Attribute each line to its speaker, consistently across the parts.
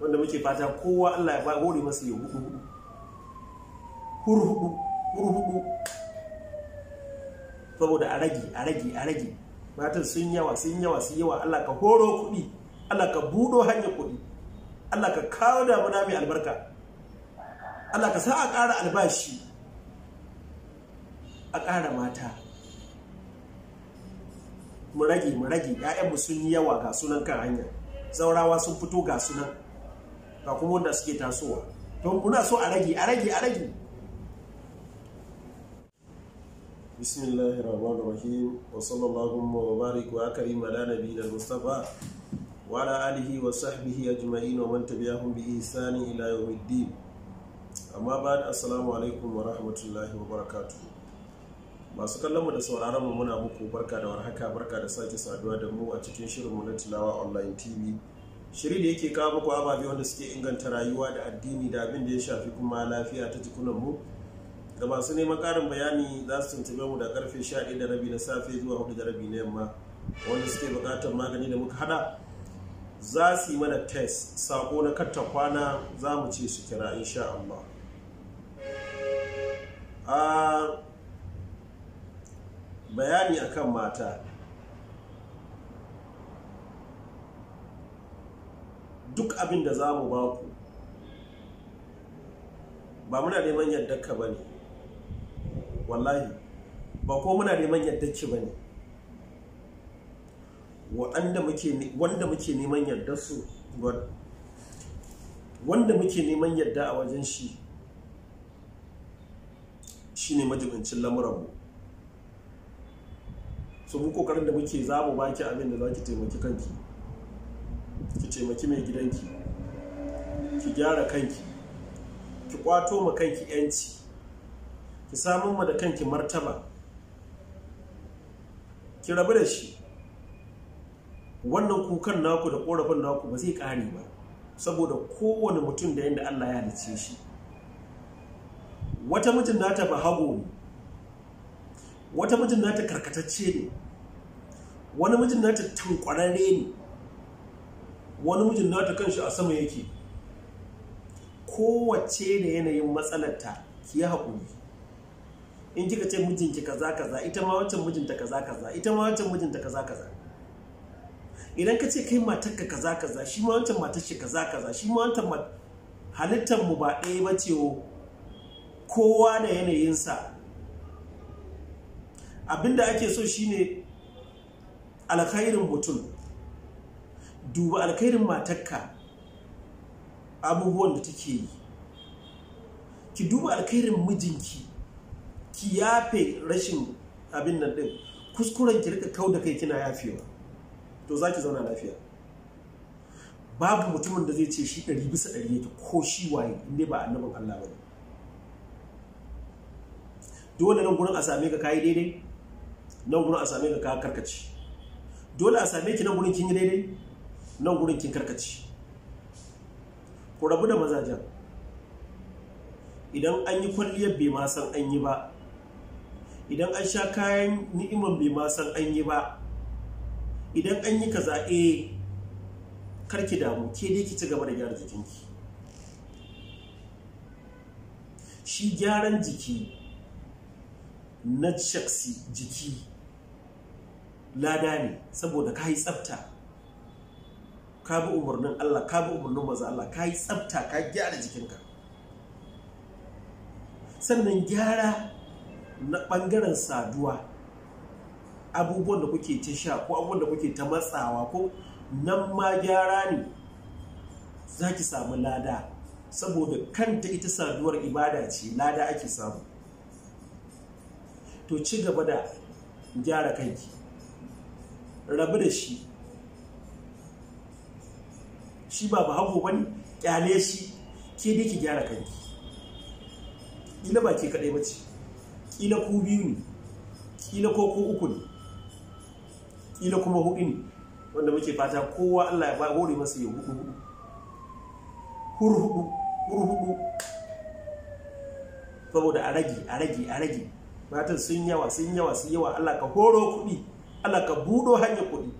Speaker 1: wanda muke fata kowa Allah ya hore masa ya hudu hudu huru hudu huru hudu saboda a rage a rage a rage matan sun yawa sun yawa sun yawa Allah ka horo kuɗi Allah ka budo hanyar kuɗi Allah ka kawo da muna mai albarka Allah ka sa a ƙara albashi a ƙara mata mu rage mu rage 'ya'yanmu sun yi yawa ga sunan kan hanya zaurawa sun fito ga sunan ga kuma wanda suke tasowa to kuna so a rage a rage a rage bismillahirrahmanirrahim wa sallallahu wa barik wa karim ala nabiyina mustafa wa ala alihi wa sahbihi ajma'in wa man tabi'ahum bi ihsani ila yawmiddin amma ba'd assalamu alaikum wa rahmatullahi wa barakatuh masu kallon mu da sauraron mu muna muku barka da warhaka barka da sake saduwa da mu a cikin shirin mu na tilawa online tv shiri da yake kawo maku ababe wanda suke inganta rayuwa da addini da abin da ya shafi kuma lafiya ta jikunan mu ga masu neman karin bayani za su tuntube mu da karfe 11 da rabi na safe zuwa 4 da rabi na yamma wanda suke bukatar magani da muka hada za su yi mana test sako na katta kwana za mu ce su kira insha Allah ah, bayani akan mata duk abin da za mu ba ku ba muna neman yaddarka ba ne wallahi ba ko muna neman yaddarki ba ne wanda muke neman yadda su wanda muke neman yadda a wajen shi shi ne majibincin lamuranmu su mu kokarin da muke za mu baki abin da za ki taimaki kanki ki taimaki mai gidanki ki gyara kanki ki kwato ma kanki yanci ki samun ma da kanki martaba ki rabu da shi wannan kukan naku da korafin naku ba zai kare ba saboda kowane mutum da yadda Allah ya halice shi wata mijin na ta hago ne wata mijin ta karkatacce ne wani mijin ta tankwararre ne wani mijin nata kanshi a sama yake kowace da yanayin matsalarta ki yi haƙuri in kika ce mijinki kaza kaza ita ma wancan mijinta kaza kaza ita ma wancan mijinta kaza kaza idan ka ce kai matarka kaza kaza shi ma wancan matar shi kaza kaza shi ma wancan halittar mu ba ɗaya ba ce kowa da yanayinsa abinda ake so shine alkhairin mutum duba alkhairin matarka abubuwan da take yi ki duba alkhairin mijinki ki yafe rashin abin nan din kuskuren ki rika kau da kai kina yafewa to za ki zauna lafiya babu mutumin da zai ce shi ɗari bisa ɗari yake ko shi waye inda ba annabin Allah ba ne dole nan gurin a same ka kayi daidai nan gurin a same ka dole a same ki nan gurin kin yi daidai nan gurin kin karkace ku rabu da mazajen idan an yi kwalliyar bai ma san an yi ba idan an sha kayan ni'iman bai ma san an yi ba idan an yi kaza eh karki damu ke dai ki ci gaba da gyara jikinki shi gyaran jiki na shaksi jiki lada ne saboda ka yi tsabta. ka bi umarnin Allah ka bi umarnin maza Allah ka yi tsafta ka gyara jikinka sannan gyara na ɓangaren saduwa abubuwan da kuke ta sha ko abubuwan da kuke ta matsawa ko nan ma gyara ne za ki samu lada saboda kanta ita saduwar ibada ce lada ake samu to ci gaba da gyara kanki rabu da shi shi ba ba hago bane kyale shi ke dai ki gyara kanki kila ba ke kadai bace kila ku biyu ne kila ko ku uku ne kila kuma hudu ne wanda muke fata kowa Allah ya ba masa ya hudu hudu hurhudu hudu saboda a rage a rage a rage matan sun yawa sun yawa sun yawa Allah ka horo kuɗi Allah ka buɗo hanyar kuɗi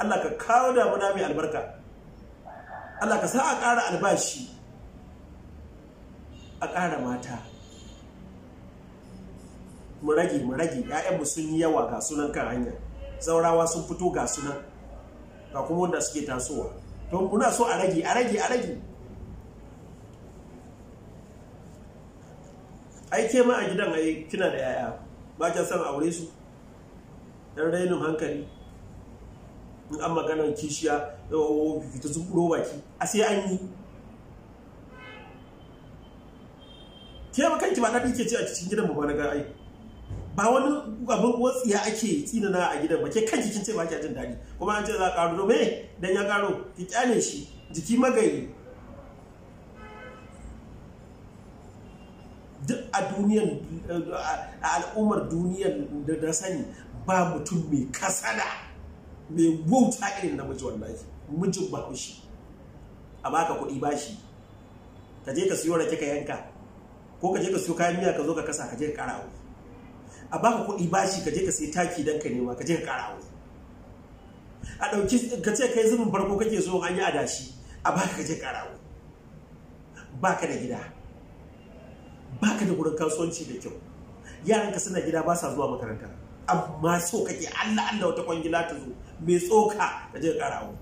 Speaker 1: Allah ka kawo da mai albarka Allah ka sa a ƙara albashi a ƙara mata mu rage mu rage ‘ya'yanmu sun yi yawa ga sunan kan hanya zaurawa sun fito ga sunan ga kuma wanda suke tasowa to muna so a rage a rage a rage ai ke ma a gidan ai kina da yaya ba kya son aure su dan rainin hankali in an magana kishiya fita zuburo baki a sai an yi ke kanki ba daɗi ke ce a cikin gidan ba na ga ai ba wani abin watsiya ake tsinana a gidan ba ke kanki kin ce ba ke jin daɗi kuma an ce za a ƙaru domin dan ya ƙaro ki kyane shi jiki magayi duk a duniyar a al'ummar duniyar da sani ba mutum mai kasada mai wauta irin namiji wallahi mijin ba kushi a baka kuɗi bashi ka je ka siyo rake ka yanka ko ka je ka siyo kayan miya ka zo ka kasa ka je ka kara wuri a baka kuɗi bashi ka je ka sai taki don ka nema ka je ka kara wuri a ɗauki ka ce kai zubin farko kake so an yi adashi a baka ka je kara wuri baka da gida baka da gurin kasuwanci da kyau yaranka suna gida ba sa zuwa makaranta amma so kake Allah Allah wata kwangila ta zo mai tsoka da je karawo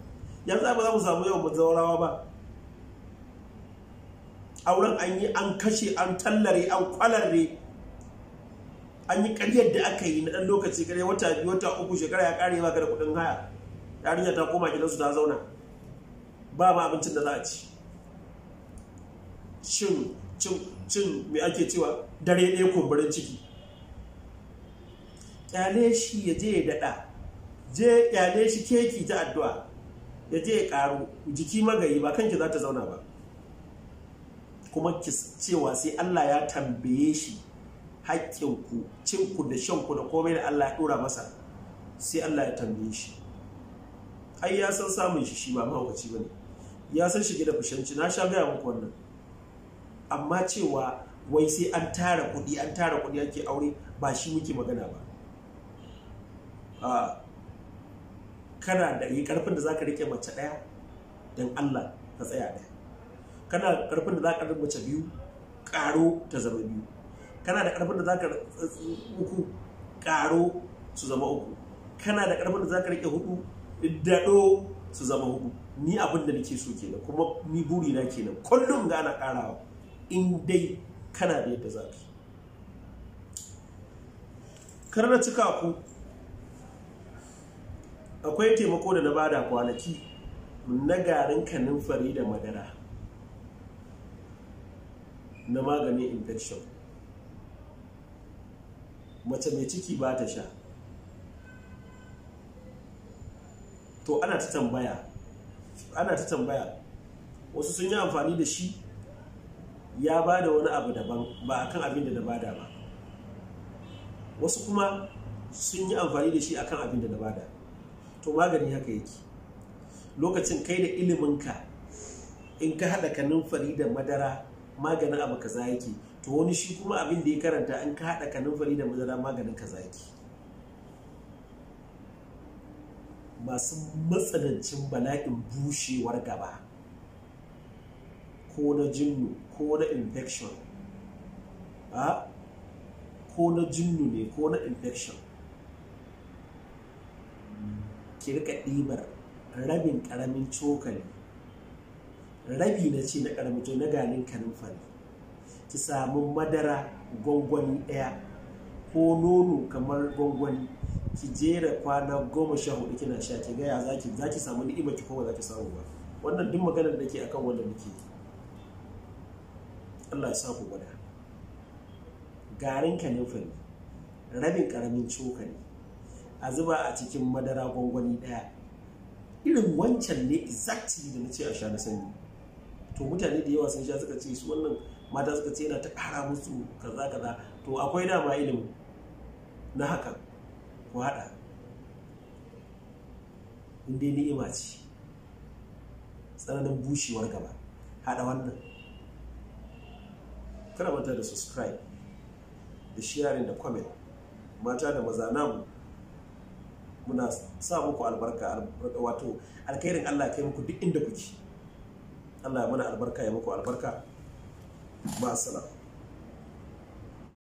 Speaker 1: yanzu ba za mu samu yau mu zaurawa ba auren an yi an kashe an tallare an kwalare an yi karyar da aka yi na ɗan lokaci kare wata biyu wata uku shekara ya kare maka da kuɗin haya yarinya ta koma gidansu ta zauna ba ma abincin da za a ci cin cin mai ake cewa dare ɗaya kumburin ciki kyale shi ya je ya daɗa je kyale shi keki ta addu'a ya je ya ƙaru jiki magayi ba kanki za ta zauna ba kuma ki cewa sai Allah ya tambaye shi haƙƙinku cinku da shanku da komai da Allah ya ɗora masa sai Allah ya tambaye shi ai ya san samun shi shi ba mahaukaci ba ne ya san shige da fushanci na sha gaya muku wannan amma cewa wai sai an tara kuɗi an tara kuɗi ake aure ba shi muke magana ba kana da yi karfin da ka rike mace daya don Allah ta tsaya daya kana karfin da za ka rike mace biyu karo ta zama biyu kana da karfin da za ka uku karo su zama uku kana da karfin da za ka rike hudu daɗo su zama hudu ni abin da nake so kenan kuma ni buri na kenan kullum ga ana karawa in dai kana da yadda za kar na cika ku akwai taimako da na bada kwanaki na garin kanin da madara na maganin infection mace mai ciki ba ta sha to ana ta tambaya ana ta tambaya wasu sun yi amfani da shi ya ba da wani abu daban ba akan abin da na bada ba wasu kuma sun yi amfani da shi akan abin da na bada to magani haka yake lokacin kai da iliminka in ka haɗa kanunfari da madara maganin abu kaza yake to wani shi kuma abin da ya karanta in ka haɗa kanunfari da madara maganin kaza yake masu matsanancin bala'in bushewar gaba ko na jinnu ko na infection ah, ko na jinnu ne ko na infection ki rika ɗibar rabin ƙaramin cokali rabi na ce na ƙaramin na na garin fari ki samu madara gwangwani ɗaya ko nono kamar gwangwani ki jera kwana goma sha hudu kina sha ki gaya za ki za ki samu ni'ima ki kowa za ki samu ba wannan duk maganar da ke akan wanda muke Allah ya sa ku gwada garin fari rabin ƙaramin cokali a zuba a cikin madara gwangwani daya irin wancan ne exactly da na ce a sha na sanyi to mutane da yawa sun sha suka ce su wannan mata suka ce yana ta kara musu kaza kaza to akwai dama ilimi na haka ku haɗa inda ima ce tsananin bushewar gaba haɗa wannan kada manta da subscribe da sharing da comment mata da maza namu muna sa muku albarka wato alkhairin Allah kai muku duk inda kuke Allah ya mana albarka ya muku albarka ba salama